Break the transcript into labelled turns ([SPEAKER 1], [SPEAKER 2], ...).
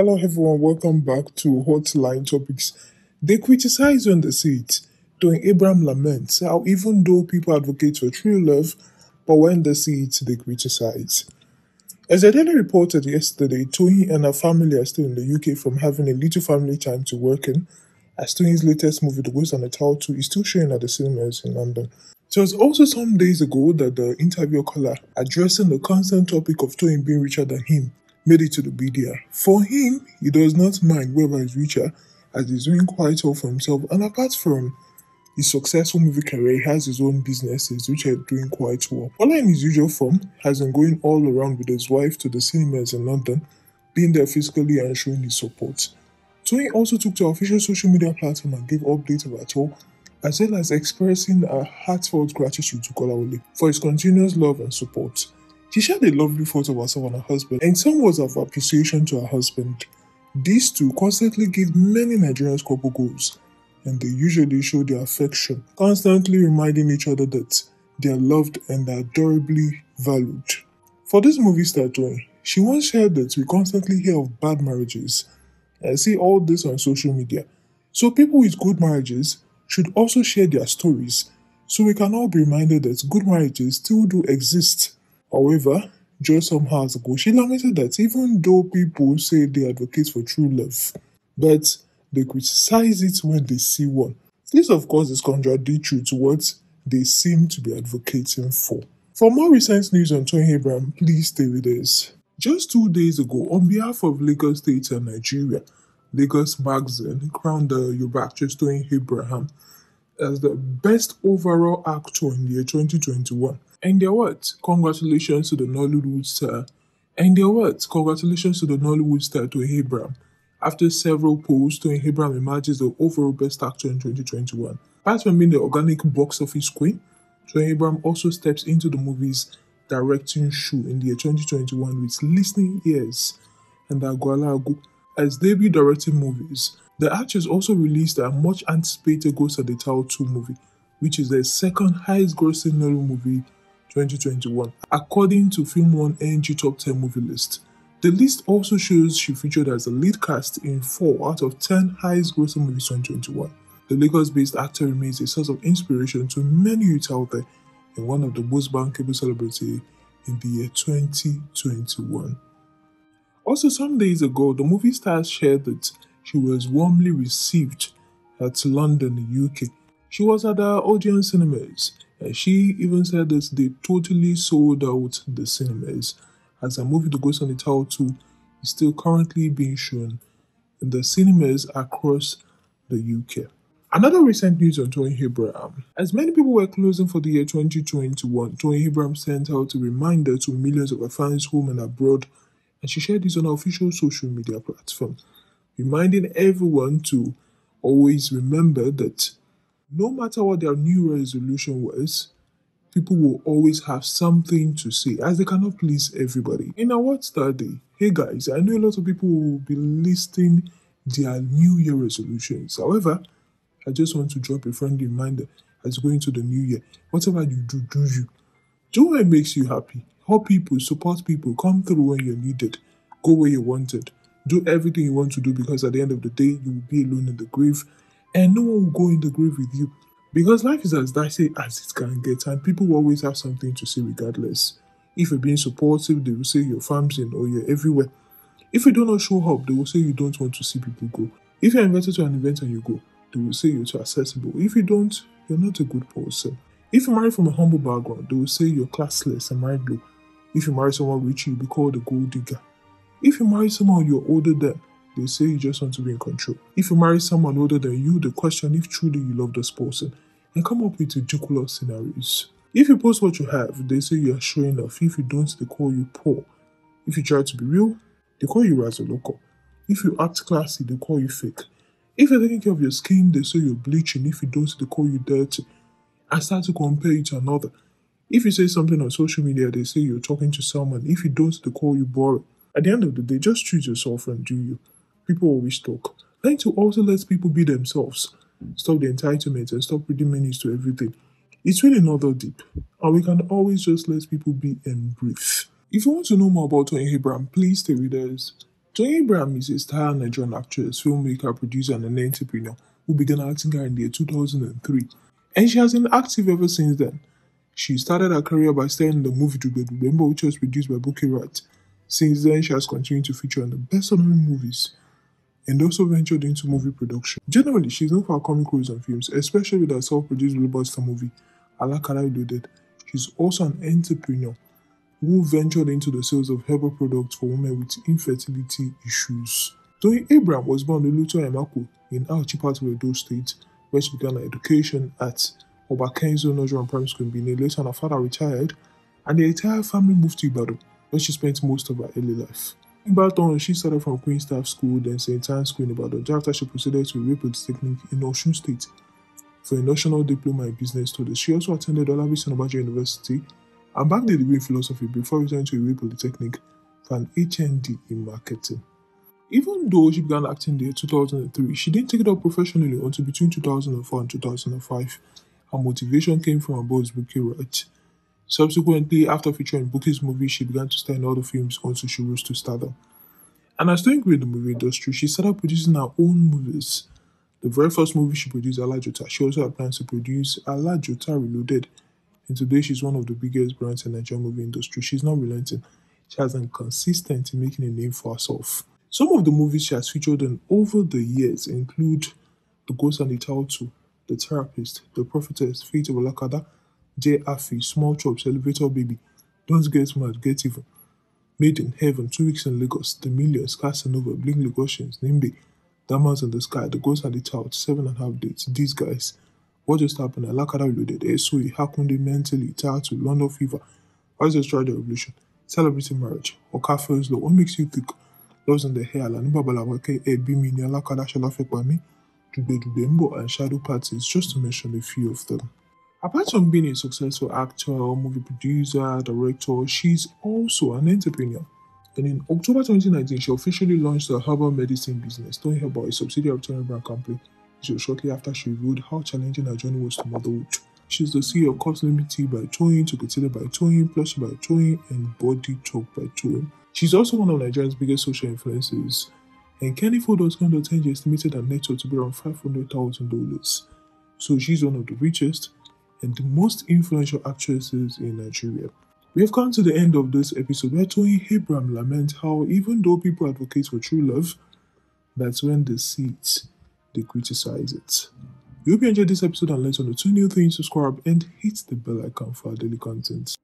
[SPEAKER 1] Hello, everyone. Welcome back to Hotline Topics. They criticize on the seat, doing Abraham laments how even though people advocate for true love, but when they see it, they criticize. As I daily reported yesterday, Toyin and her family are still in the UK from having a little family time to work in, as Toyin's latest movie, The Ghost and the Tower 2, is still showing at the cinemas in London. It was also some days ago that the interview caller addressing the constant topic of Toyin being richer than him made it to the big For him, he does not mind whether he's richer, as he's doing quite well for himself. And apart from his successful movie career, he has his own businesses which are doing quite well. While in his usual form, has been going all around with his wife to the cinemas in London, being there physically and showing his support. Tony also took to official social media platform and gave updates of all, as well as expressing a heartfelt gratitude to Kolawole for his continuous love and support. She shared a lovely photo of herself and her husband and some words of appreciation to her husband. These two constantly give many Nigerians couple goals, and they usually show their affection, constantly reminding each other that they are loved and are adorably valued. For this movie star Twain, she once shared that we constantly hear of bad marriages. I see all this on social media. So people with good marriages should also share their stories so we can all be reminded that good marriages still do exist However, just some hours ago, she lamented that even though people say they advocate for true love, but they criticize it when they see one. This, of course, is contradictory to what they seem to be advocating for. For more recent news on Tony Abraham, please stay with us. Just two days ago, on behalf of Lagos State and Nigeria, Lagos magazine crowned the Yoruba actress Tony Abraham as the best overall actor in the year 2021. And their what? Congratulations to the Nollywood star. And their what? Congratulations to the Nollywood star to Abraham. After several polls, Tony Abraham emerges the overall best actor in 2021. Apart from being the organic box office queen, Tony Abraham also steps into the movie's directing shoe in the year 2021 with Listening Ears and Agualago as debut directing movies. The actress also released a much anticipated Ghost of the Tower 2 movie, which is the second highest grossing Nollywood movie 2021, according to Film One NG Top 10 Movie List. The list also shows she featured as a lead cast in 4 out of 10 highest grossing movies in 2021. The Lagos based actor remains a source of inspiration to many youth out there and one of the most bankable celebrities in the year 2021. Also, some days ago, the movie star shared that she was warmly received at London, UK, she was at the Odeon cinemas and she even said that they totally sold out the cinemas as a movie *The Ghost on the Tower* 2 is still currently being shown in the cinemas across the UK. Another recent news on Tony Abraham. As many people were closing for the year 2021, Tony Abraham sent out a reminder to millions of her fans home and abroad, and she shared this on her official social media platform, reminding everyone to always remember that no matter what their new resolution was, people will always have something to say as they cannot please everybody. In our What's That Day, hey guys, I know a lot of people will be listing their new year resolutions. However, I just want to drop a friendly reminder as going to the new year. Whatever you do, do you. Do what makes you happy. Help people, support people, come through when you're needed, go where you're wanted. Do everything you want to do because at the end of the day, you will be alone in the grave and no one will go in the grave with you because life is as dicey as it can get, and people will always have something to say regardless. If you're being supportive, they will say you're farming or you're everywhere. If you do not show up, they will say you don't want to see people go. If you're invited to an event and you go, they will say you're too accessible. If you don't, you're not a good person. If you marry from a humble background, they will say you're classless and mind low. If you marry someone rich, you'll be called a gold digger. If you marry someone you're older than, they say you just want to be in control. If you marry someone older than you, the question if truly you love this person and come up with ridiculous scenarios. If you post what you have, they say you are showing off. If you don't, they call you poor. If you try to be real, they call you local. If you act classy, they call you fake. If you're taking care of your skin, they say you're bleaching. If you don't, they call you dirty I start to compare you to another. If you say something on social media, they say you're talking to someone. If you don't, they call you boring. At the end of the day, just choose yourself and do you people always talk. Learn to also let people be themselves. Stop the entitlement and stop reading menus to everything. It's really not that deep, and we can always just let people be and breathe. If you want to know more about Tony Abraham, please stay with us. Tony Abraham is a star Nigerian actress, filmmaker, producer, and an entrepreneur who began acting in the year 2003, and she has been active ever since then. She started her career by starring in the movie Dube Dubemba, which was produced by Bookie Wright. Since then, she has continued to feature in the best-known movies and also ventured into movie production. Generally, she's known for her comic roles and films, especially with her self-produced blockbuster movie, Alakala Loaded. She's also an entrepreneur who ventured into the sales of herbal products for women with infertility issues. Tony Abraham was born in Luton, Emako in Aochipat, Wedo State, where she began her education at Obakenzo Nojoran Primary School in Benin. Later, her father retired, and the entire family moved to Ibadan, where she spent most of her early life. Baton, she started from Queen Staff School, then St. Anne's School in Ibadan. After she proceeded to Iwe Polytechnic in Osun State for a national diploma in business studies. She also attended Olabisi Onabanjo University and backed a degree in philosophy before returning to Iwe Polytechnic for an HND in marketing. Even though she began acting there in 2003, she didn't take it up professionally until between 2004 and 2005. Her motivation came from her boss, Buki Wright, Subsequently, after featuring Buki's movie, she began to star in other films until she rose to stardom. And as doing great in the movie industry, she started producing her own movies. The very first movie she produced, Alajota, she also had plans to produce Alajota Reloaded. And today, she's one of the biggest brands in the Nigerian movie industry. She's not relenting. She has been consistent in making a name for herself. Some of the movies she has featured in over the years include The Ghost and the Tao 2, The Therapist, The Prophetess, Fate of Alakada, J. Affy, Small Chops, Elevator Baby, Don't Get Mad, Get Even, Made in Heaven, Two Weeks in Lagos, The Millions, Casanova, Bling Lagosians, Nimbe, Diamonds in the Sky, The Ghost and the Tout, Seven and a Half Dates, These Guys, What Just Happened, Alakada Reloaded, SOE, Hakunde Mentally, Tattoo, London Fever, Why Just Try the Revolution, celebrity Marriage, Okafo's Law, What Makes You Think, Loves in the Hair, Lani Babalawake, Ebi Mini, Alakada Shalafekbami, Dube Dube Mbo, and Shadow Parties, just to mention a few of them. Apart from being a successful actor, movie producer, director, she's also an entrepreneur. And in October 2019, she officially launched her herbal medicine business, Stone about a subsidiary of Tony Brand Company. This shortly after she revealed how challenging her journey was to motherhood. She's the CEO of Cops Limited by Toyin, Tokotile by Tony plus by Tony and Body Talk by Tony. She's also one of Nigeria's biggest social influencers. And KennyFood.com.ng estimated her net worth to be around $500,000. So she's one of the richest and the most influential actresses in Nigeria. We have come to the end of this episode where Tony Abraham laments how even though people advocate for true love, that's when they see it, they criticize it. We hope you enjoyed this episode and learned on the two new things, subscribe and hit the bell icon for our daily content.